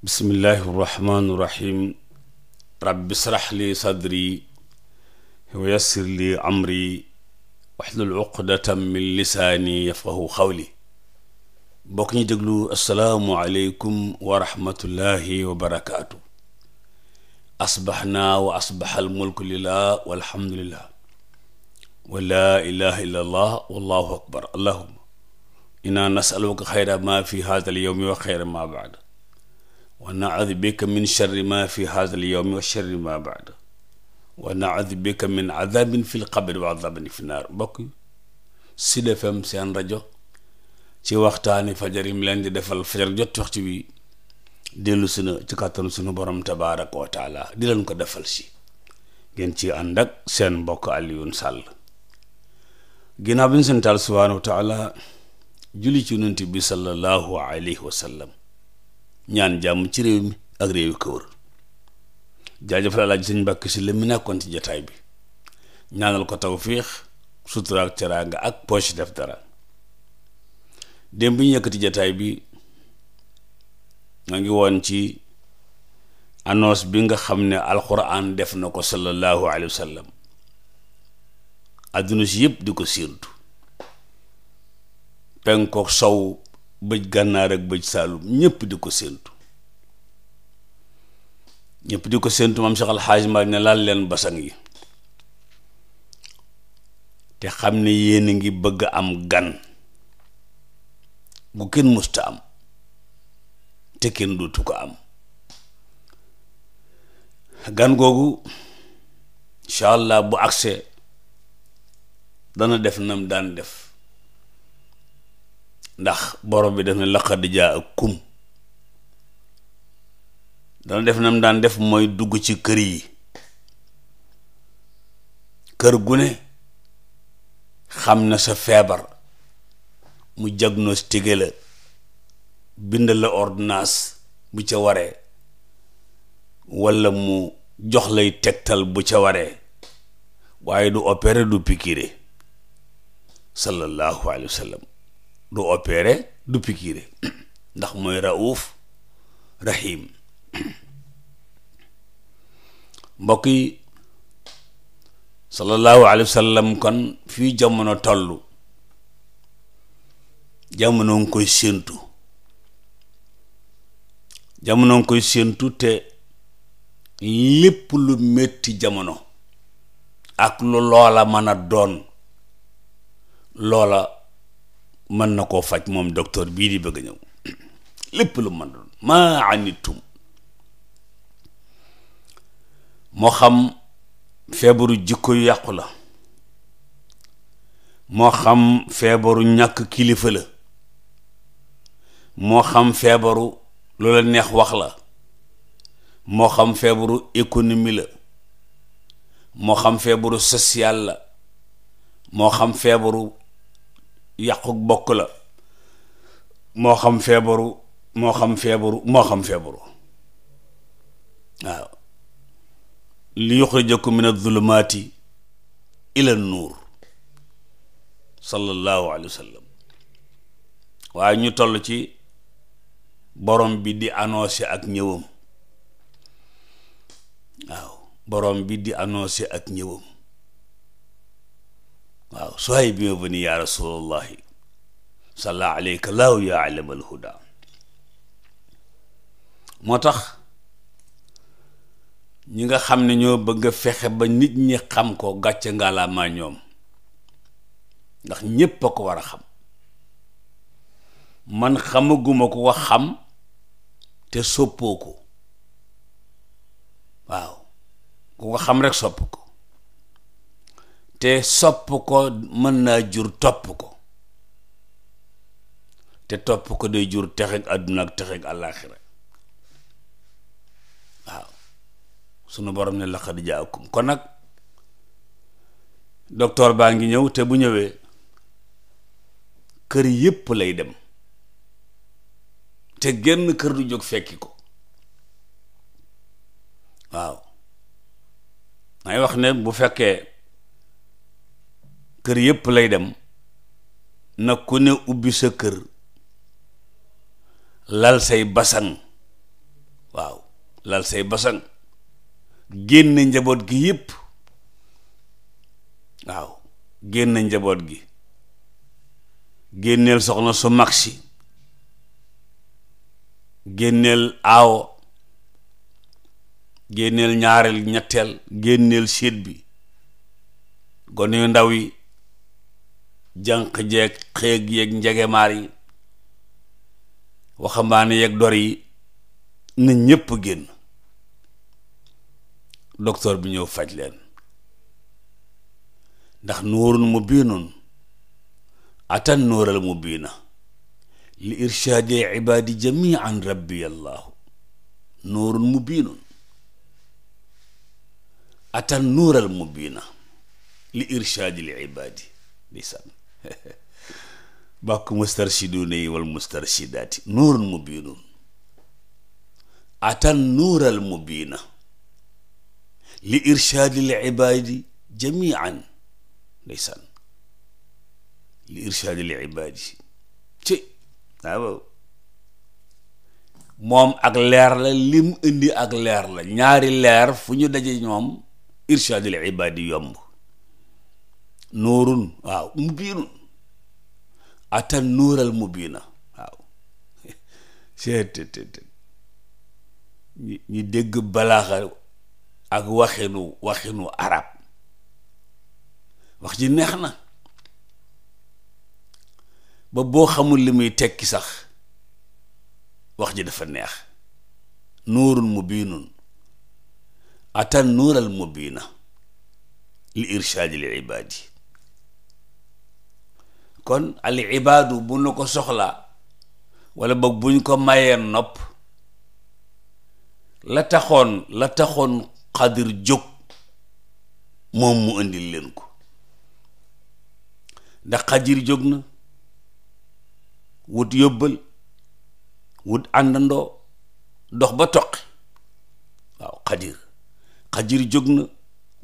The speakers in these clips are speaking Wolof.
bismillahi irrahmani irrahim rabbi srax li sadri wa yassir li amri waxlul uqdatan min lisaani yafqahu xawli bokk ñu déglu assalaamu aleykum wa rahmatullahi wa barakaatu asbaxnaa wa asbaxal mulku lillah walhamdulillah wa laa ilaha illa allah wallahu akbar allahuma inna nasaluka xayra ma fi hada al yowmi wa xayra ma baad wa naud bika min sharri ma fi hadha al wa sharri ma baada wa naud bika min adabin fi lqabri wa adabin fi naar mbokk Sud FM seen rajo ci waxtaani fajar yi mu leen di defal fajar jot waxtu wi dellu si na ci kàttanu sunu borom tabaaraka wa di leen ko defal si ngeen ci ànd seen mbokk Alioune Sall ginnaaw bi ñu santal subhaanahu wa taala julli ci yonent bi sallallahu alayhi wa ñaan jàmm ci réew mi ak réew yi ko wër jaajëfal Alaaji Sëñ Mbàkke Sylla mi nekkoon ci jataay bi ñaanal ko tawfiix sutura ak teraanga ak poche def dara démb bi ñu yëkkati jataay bi ma ngi woon ci annonce bi nga xam ne alxuraan def na ko sallallahu alayhi wa sallam si yëpp di ko siirtu penkook sow bëj gànnaar ak bëj saalum ñépp di ko séentu ñépp di ko séentu maam Cheikh Alxaaj Maalik ne laal leen basang yi te xam ne yéen a ngi bëgg am gan gu kenn musta am te kenn dootu ko am gan googu incha allah bu agsee dana def nam daan def ndax borom bi def na laqad jaa ak kum dana def na mu daan def mooy dugg ci kër yi kër gune xam na sa feebar mu diagnostiqué la bind la ordonnance bu ca waree walla mu jox lay tegtal bu ca waree waaye du opéré du pikiire sallallahu alayhi wa du opérer du pikiire ndax mooy raouf rahim mbokk yi sallallahu alayhi wa sallam kon fii jamono tollu jamono nga koy séentu jamono nga koy séentu te lépp lu metti jamono ak lu loola mën a doon loola mën na koo faj moom docteur bii di bëgg a ñëw lépp lu mën doon maa anittum moo xam feebaru jikko yu yàqu la moo xam feebaru ñàkk kilifa la moo xam feebaru lu la neex wax la moo xam feebaru économie la moo xam feebaru social la moo xam feebaru yàquk bokk la moo xam feebaru moo xam feebaru moo xam feebaru waaw li yuxrijakum min adulumaati ila nuur sallallahu alayhi wa sallam waaye ñu toll ci borom bi di annoncé ak ñëwam waaw borom bi di annoncé ak ñëwam waaw sohay bi ma bani yaa rasulallahi salla alayka laahu yaa alamal huda moo tax ñi nga xam ne ñoo bëgg a fexe ba nit ñi xam ko gàcce ngaalaamaa ñoom ndax ñépp a ko war a xam man xamaguma ko ko xam te soppoo ko waaw ku ko xam rek sopp ko te sopp ko mën naa jur topp ko te topp ko day jur texeg àdduna ak texeg àllaaxira waaw sunu borom ne laqad jaakum kon nag docteur baa ngi ñëw te bu ñëwee kër yépp lay dem te genn kër du jóg fekki ko waaw may wax ne bu fekkee kër yépp lay dem na ku ne ubbi sa kër lal say basang waaw lal say basang génne njaboot gi yépp waaw génne njaboot gi génneel soxna su mag si génneel aawo génneel ñaareel ñetteel génneel séet bi gone yu ndaw yi jànq jeeg xéeg yeeg njegemaar yi waxambaane yeeg dor yi na ñépp génn docteur bi ñëw faj leen ndax nuurun mu biinun atan nuural mu biina li irshaadi ibaadi jamian rabbi allahu nuurun mu atan nuural mu li irshaadi li ibaadi bàkk mustarshiduuna yi wal mustarshidaati nuurun mubiinun atan nuural mubiina li irshaadil ibaadi jamian ndeysaan li irshaadil ibaadi ci moom ak leer la lim indi ak leer la ñaari leer fu ñu daje ñoom irshaadil ibaadi yomb nuurun waaw mubiinun atan nuural mubiina waaw seetetetet ñi ñi dégg balaaxa ak waxinu waxinu arab wax ji neex na ba boo xamul li muy tekki sax wax ji dafa neex nuurun mubiinun atan nuural mubiina li irshaadi li ibaadi kon al ibaadu bu nu ko soxlaa wala boog buñ ko mayee nopp la taxoon la taxoon xadir jóg moom mu indi leen ko ndax xadir jóg na wut yóbbal wut àndandoo dox ba toqi waaw xadir xadir jóg na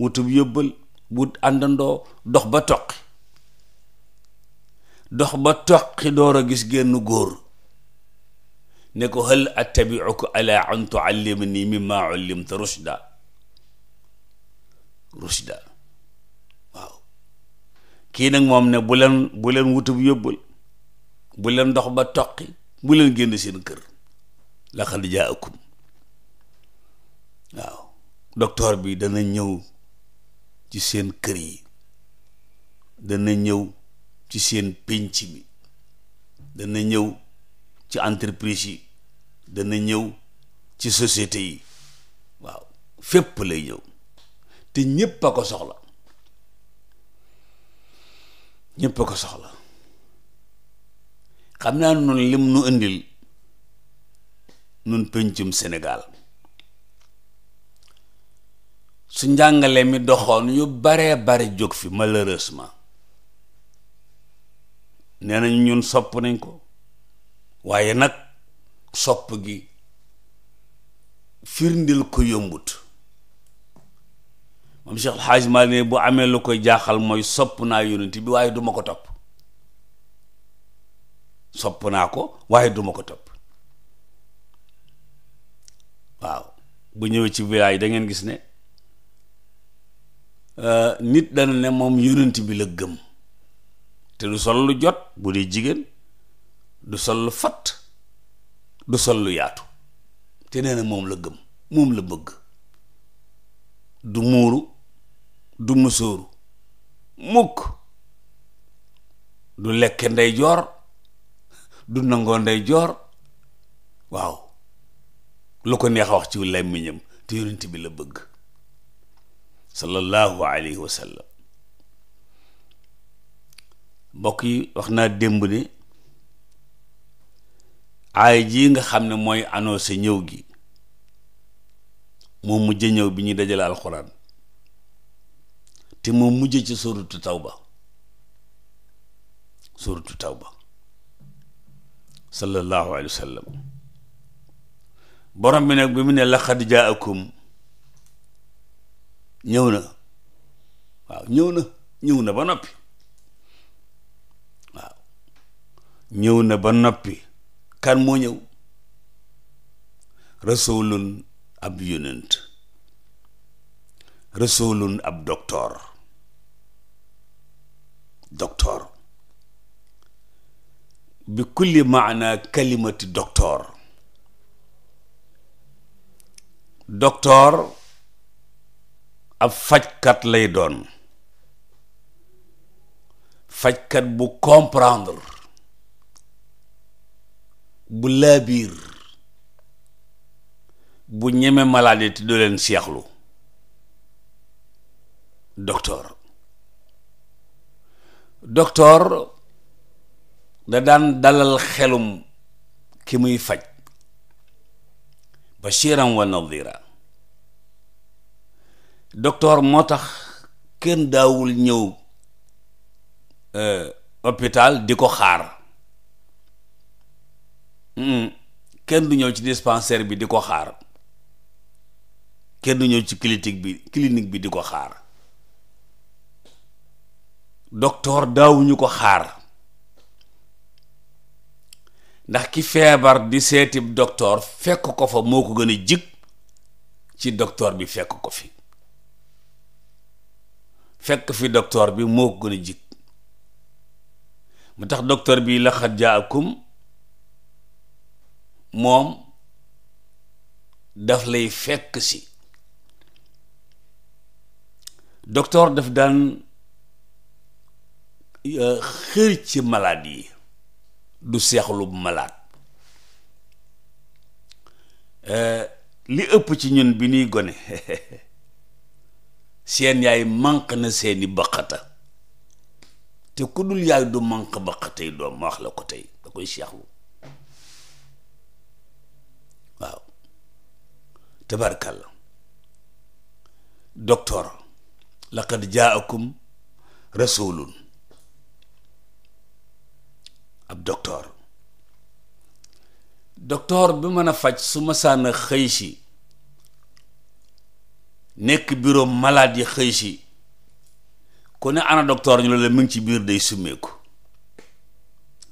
wutub yóbbal wut àndandoo dox ba toqi dox ba toqi door a gis génn góor ne ko hal attabi'uka ala an tu'allimani mimma ullimta rushda rushda waaw kii nag moom ne bu leen bu leen wutub yóbbal bu dox ba toqi bu leen génn seen kër laqad jaakum waaw docteur bi dana ñëw ci seen kër yi dana ñëw ci seen pénc bi dana ñëw ci entreprise yi dana ñëw ci société yi waaw fépp lay ñëw te ñépp a ko soxla ñépp a ko soxla xam naa noonu lim nu indil nun péncum Sénégal su njàngale mi doxoon yu baree bare jóg fi malheureusement nee nañ ñun sopp nañ ko waaye nag sopp gi firndil ko yombut moom Cheikh Alxaaj Maalik ne bu amee lu koy jaaxal mooy sopp naa yonent bi waaye duma ko topp sopp naa ko waaye duma ko topp waaw bu ñëwee ci village da ngeen gis ne euh, nit dana ne moom yonent bi la gëm te du sol lu jot bu dee jigéen du sol lu fatt du sol lu yaatu te nee moom la gëm moom la bëgg du muuru du musóoru mukk du lekke ndeyjoor du nangoo ndeyjoor waaw lu ko neex a wax ci làmmiñam te yonent bi la bëgg sallallahu alayhi wa sallam mbokk yi wax naa démb ne aay ji nga xam ne mooy annoncé ñëw gi moo mujj ñëw bi ñuy dajale alxuraan te moo mujj ci suratu tawba suratu tawba sallallahu alayhi wa sallam borom bi nag bi mu ne laqad jaakum ñëw na waaw ñëw na ñëw na ba noppi ñëw na ba noppi kan moo ñëw rasulun ab yonent rasulun ab docteur docteur bi kulli maana kalimati docteur docteur ab fajkat lay doon fajkat bu comprendre bu laabiir bu ñeme maladie te doo leen seexlu docteur docteur da daan dalal xelum ki muy faj bashiran wa nadira docteur moo tax kenn daawul ñëw euh, hôpital di ko xaar Hmm. kenn du ñëw ci dispensaire bi di ko xaar kenn du ñëw ci clinique bi clinique bi di ko xaar docteur daawuñu ko xaar ndax ki feebar di seeti docteur fekk ko fa moo ko gën a jig ci docteur bi fekk ko fi fekk fi docteur bi moo ko gën a jig mu tax docteur bi laxat jaakum moom daf lay fekk si docteur daf daan euh, xër ci malade yi du seexlu malade euh, li ëpp ci ñun bi ñuy gone seen yaay manq na seeni baqata te ku dul yaay du manq baqatay doom ma wax la ko tey da koy seexlu la docteur laqad jaakum rasulun ab docteur docteur bi mën a faj su masaana xëy si nekk bureau malade yi xëy si ku ne ana docteur ñu la mu ngi ci biir day summeeku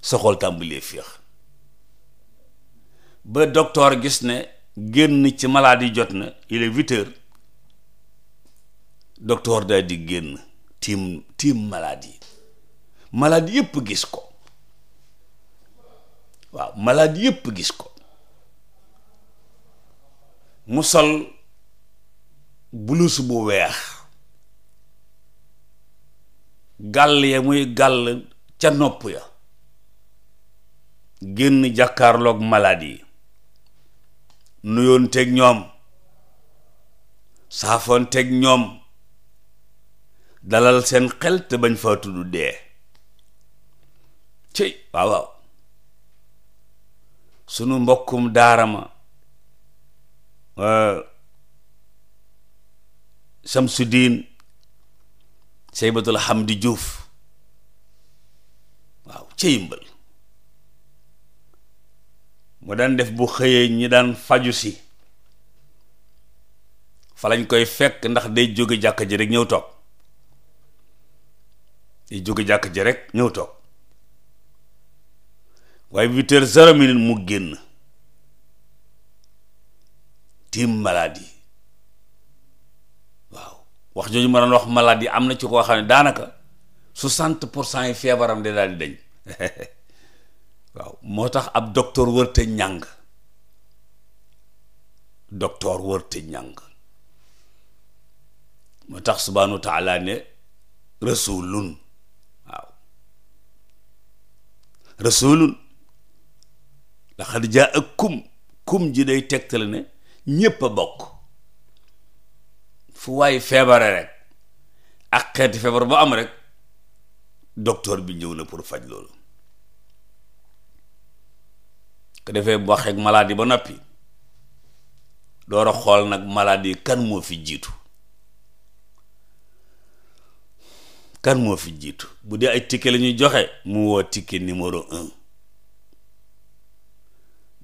soxol tàmbalee féex ba docteur gis ne génn ci maladie jot na il est huit heures di génn tiim tiim maladie maladie yëpp gis ko waaw maladie yépp gis ko mu sol blouse bu weex gàll ya muy gàll ca nopp ya génn jàkkaarlook maladie nuyoonteeg ñoom saafoonteeg ñoom dalal seen xel te bañ faa tudd dee cëy waaw waaw sunu mbokkum daarama euh, Samsudin Seybatul di juuf waaw cëy mbal mu daan def bu xëyee ñi daan faju si fa lañ koy fekk ndax day jóge jàkk ji rek ñëw toog day jóge jàkk ji rek ñëw toog waaye huit heures zéro minute mu génn tiim maladie waaw wax jooju ma doon wax maladie am na ci koo xam ne daanaka soixante pour cent yi feebaram de daal di dañ waaw moo tax ab docteur wërte ñàng docteur wërte ñàng moo tax subhaanahu wa taala ne rasulun waaw rasulun laqad jaakum kum ji day tegtale ne ñépp a bokk fu waay feebare rek ak xeeti feebar bu am rek docteur bi njëw na pour faj loolu ko defee bu waxee ba noppi door a xool nag maladie kan moo fi jiitu kan moo fi jiitu bu dee ay ticket la joxe mu woo ticket numéro un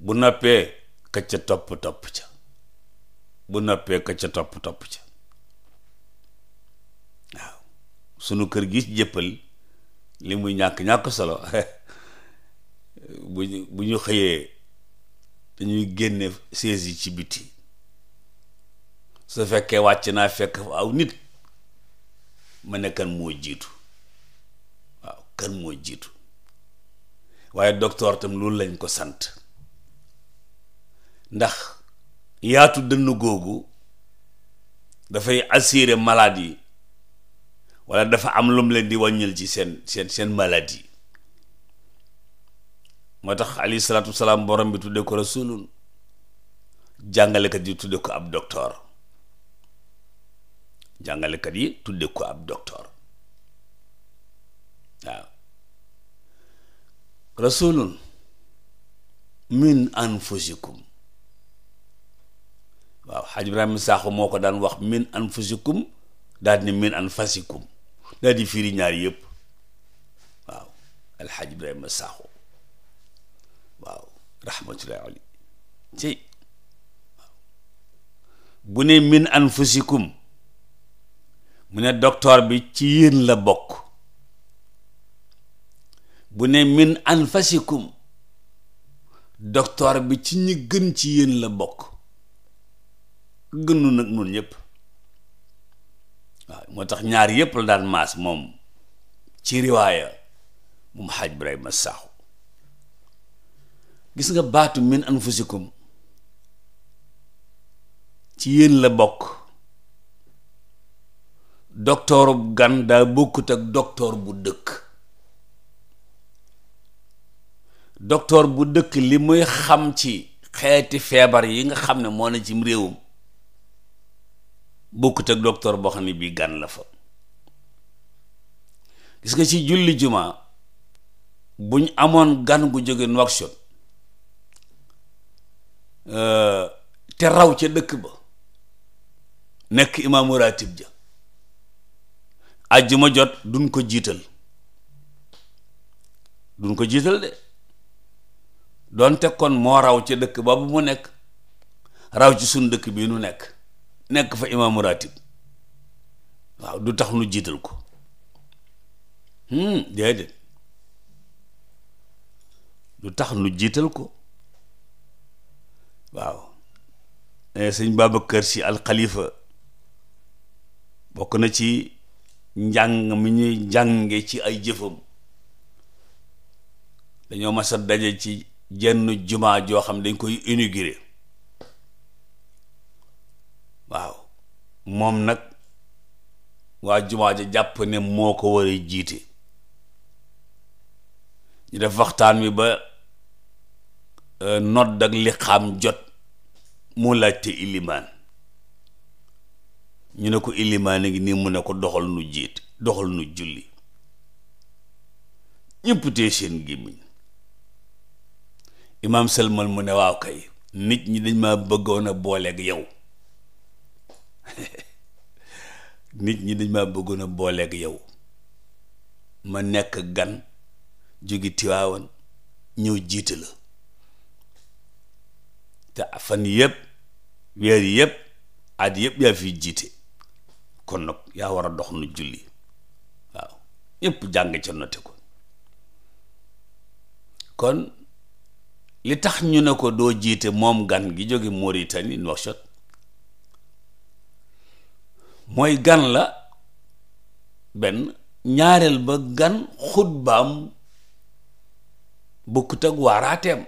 bu noppee ka ca topp topp ca bu noppee ka topp topp ca waaw sunu kër gi jëppal li muy ñàkk ñàkk solo bu ñu xëyee dañuy génne sées yi ci biti su fekkee wàcc naa fekk aw nit ma ne kan moo jiitu waaw kan moo jiitu waaye docteur tam loolu lañ ko sant ndax yaatu dënn googu dafay assurer maladie walla dafa am lum leen di wàññil ci seen seen seen maladie moo tax alayhi salaatu borom bi tudde ko rasulun jàngalekat yi tudde ko ab docteur jàngalekat yi tudde ko ab docteur waaw rasulun min anfusikum waaw xaj Ibrahima Saaxu moo ko daan wax min anfusikum daal di min anfasikum daal di firi ñaar yëpp waaw alxaj Ibrahima Saaxu rahmatullahi ci bu ne min anfusikum mu ne doktoor bi ci yéen la bokk bu ne min anfasikum docteur bi ci ñi gën ci yéen la bokk gënu nag nun ñëpp waaw moo tax ñaar yëpp la daan maas moom ci riwaaya moom xaaj Ibrahima Sakho gis nga baatu min anfusikum ci yéen la bokk doktooru gan daa bokkut ak doktoor bu dëkk doktoor bu dëkk li muy xam ci xeeti feebar yi nga xam ne moo ne cim réewum bokkut ak doktoor boo xam gan la fa gis nga ci julli jumaa buñ amoon gan gu jóge Nouakchott Euh, te raw ca dëkk ba nekk imaamu ratib ja àjjuma jot duñ ko jiital duñ ko jiital de doonte kon moo raw ca dëkk ba bu mu nekk raw ci suñ dëkk bi nu nekk nekk fa imaamu ratib waaw du tax nu jiital ko hmm, déedéet du tax nu jiital ko waaw ne eh, sëñ kër si alxalifa bokk na ci njàng mi ñuy njànge ci ay jëfam dañoo masa daje ci jenn jumaa joo xam dañ koy inauguré waaw moom nag waa jumaa ja jàpp ne moo ko war jiite ñu def waxtaan wi ba Euh, nodd ak xam jot mu laajte ilimaan ñu ne ko ilimaan a ngi nii mu ne ko doxal nu jiit doxal nu julli ñépp tee seen gémmiñ imaam Salman mu ne waaw kay nit ñi dañ ma bëggoon a booleeg yow nit ñi dañ ma bëggoon a booleeg yow ma nekk gan jógi Tiwaawan ñëw jiit la te yépp yëpp weer yëpp at yëpp yaa fi jiite kon nag yaa war a dox nu julli waaw ñëpp jàng ca note ko kon li tax ñu ne ko doo jiite moom gan gi jóge Mauritanie Nouakchott mooy gan la benn ñaareel ba gan xutbaam bokkut ak waaraateem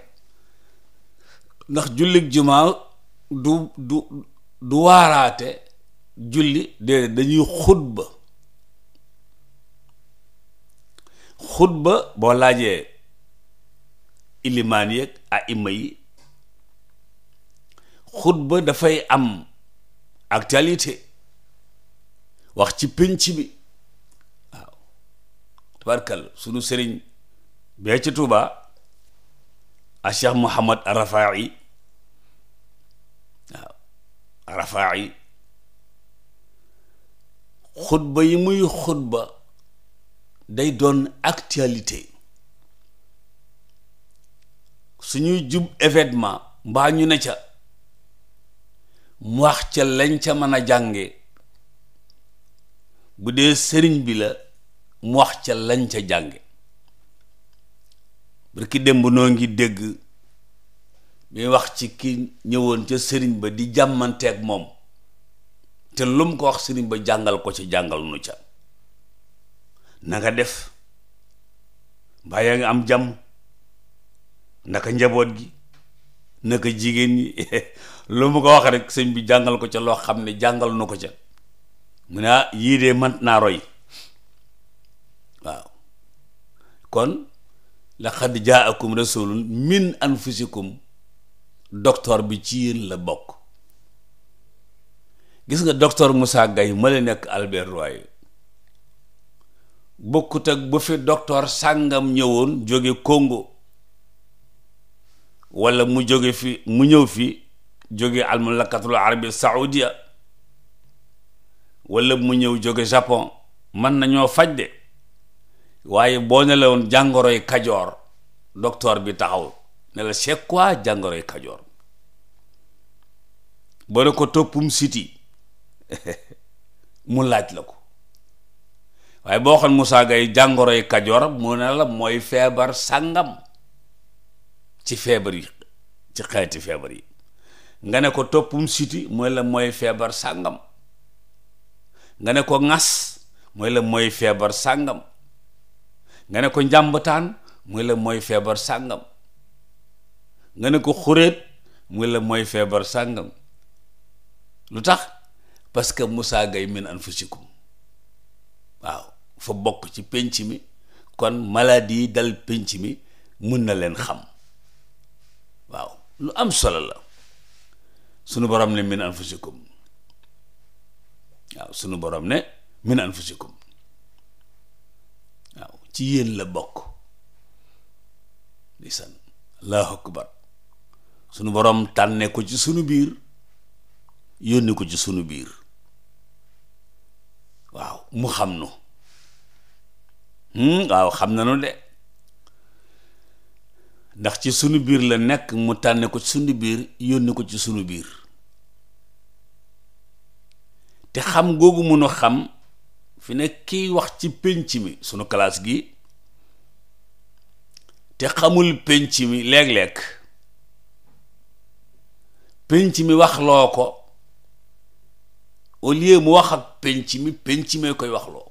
ndax jullig jumaa du du du waaraate julli déedéet dañuy xutba xutba boo laajee ilimaan yeeg aima yi xutba dafay am actualité wax ci pénc bi waaw tabarkal sunu sëriñ bee ci Tuubaa a cheikh Mouhamad Arafaayi waaw Arafaayi xutba yi muy xutba day doon actualité suñuy jub événement mbaa ñu ne ca mu wax ca lañ ca mën a jànge bu dee sëriñ bi la mu wax ca lañ ca jànge barki démb noo ngi dégg muy wax ci ki ñëwoon ca sëriñ ba di jàmmanteeg moom te lu mu ko wax sëriñ ba jàngal ko ci jàngal nu ca na def mbaa ngi am jàmm naka njaboot gi naka jigéen ñi lu mu ko wax rek sëñ bi jàngal ko ca loo xam ne jàngal nu ko ca mu ne ah, yii de mant naa roy waaw kon laqad jaakum rasulun min anfusikum docteur bi ci yéen la bokk gis nga docteur Moussa Gaye ma la nekk Albert Royer bokkut ak bu fi docteur sàngam ñëwoon jóge Congo walla mu jóge fi mu ñëw fi jóge almalakatul arabi saoudia walla mu ñëw jóge Japon mën nañoo faj de waaye boo ne la woon jàngoroy kajoor docteur bi taxaw ne la c'est jàngoroy kajoor ba ne ko toppum siti mu laaj la ko waaye boo xam Moussa Gaye jàngoroy kajoor mu ne la mooy feebar sàngam ci feebar yi ci xeeti feebar yi nga ne ko toppum siti mooy la mooy feebar sàngam nga ne ko ŋas mooy la mooy feebar sàngam nga ne ko njàmbataan muy la mooy feebar sàngam nga ne ko xuréet muy la mooy feebar sàngam lu tax parce que Moussa Gaye min anfusikum waaw fa bokk ci pénc mi kon maladie yi dal pénc mi mun na leen xam waaw lu am solo la sunu borom ne min anfusikum waaw sunu borom ne min anfusikum ci yéen la bokk di allahu akbar sunu boroom tànne ko ci sunu biir yónni ko ci sunu biir waaw mu xam nu hmm, waaw xam na nu de ndax ci sunu biir la nekk mu tànne ko ci sunu biir yónni ko ci sunu biir te xam googu munu xam fi ne kiy wax ci pénc mi sunu kalaas gi te xamul pénc mi léeg-léeg pénc mi wax loo ko au lieu mu wax ak pénc mi pénc mee koy waxloo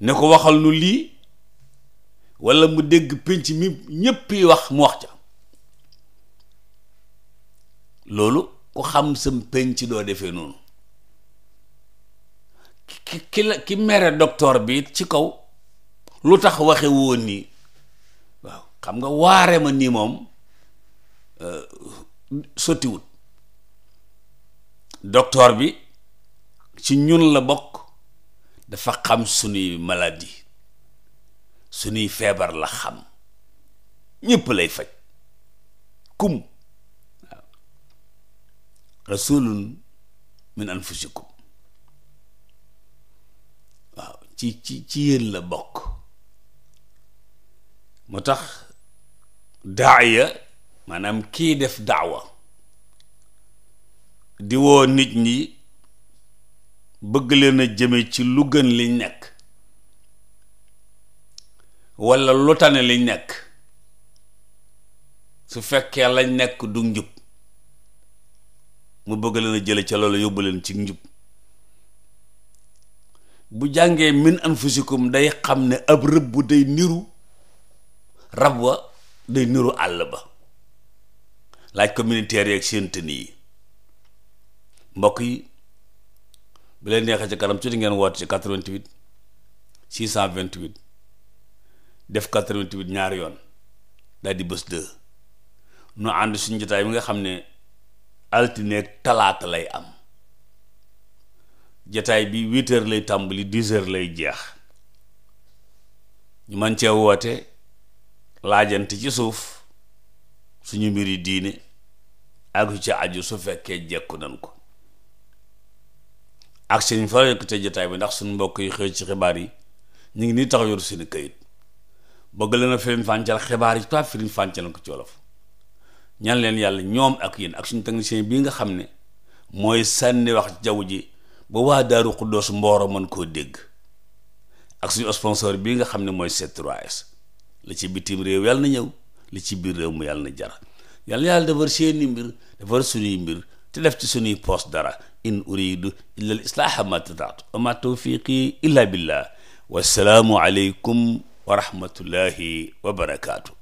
ne ko waxal nu lii walla mu dégg pénc mi ñépp wax mu wax ca loolu ku xam sam pénc doo defee noonu ki ki ki mere docteur bi ci kaw lu tax waxe woon nii waaw xam nga waare ma nii moom euh, sottiwut docteur bi ci ñun la bokk dafa xam sunuy maladie sunuy feebar la xam ñépp lay faj kum waaw rasulun min anfusikum waaw ci ci ci yéen la bokk moo tax ya maanaam kii def daawa di woo nit ñi bëgg leen a jëme ci lu gën liñ nekk walla lu tane liñ nekk su fekkee lañ nekk du njub mu bëgg leen a jële ca loolu yóbbu leen ci njub bu jàngee min anfusikum day xam ne ab rëbb bu day niru rab wa day niru àll ba laaj ko militaire yeeg seen tën yi mbokk yi bu leen neexee ci kanam tuuti ngeen woote ci 88 628 def 88 ñaar yoon daal di bës 2 nu ànd suñ jotaay bi nga xam ne altine talaata lay am jataay bi huit lay tàmbali dix heures lay jeex ñu mën cee woote laajante ci suuf suñu yi diine ak yu ci aju su fekkee jekku nañ ko ak seen fa rekk te jataay bi ndax suñu mbokk yi xëy ci xibaar yi ñu ngi nii taxaw yoru seeni kayit bëgg leen a firim fàncal xibaar yi tubaab firim fàncal ko ci wolof ñaan leen yàlla ñoom ak yéen ak suñ suñu technicien bii nga xam ne mooy sànni wax jaww ji ba waa daaru xuddoos mbooro mën koo dégg ak suñu sponsor bii nga xam ne mooy c 3 la ci bitim réew yàlla na ñëw li ci biir réew mu yàlla na jar yàlla yàlla defar seeni mbir defar suñuy mbir te def ci suñuy poos dara in uridu illa al ma tataatu wa ma tawfiqi illa billah wassalaamu aleykum wa rahmatullahi wa barakaatu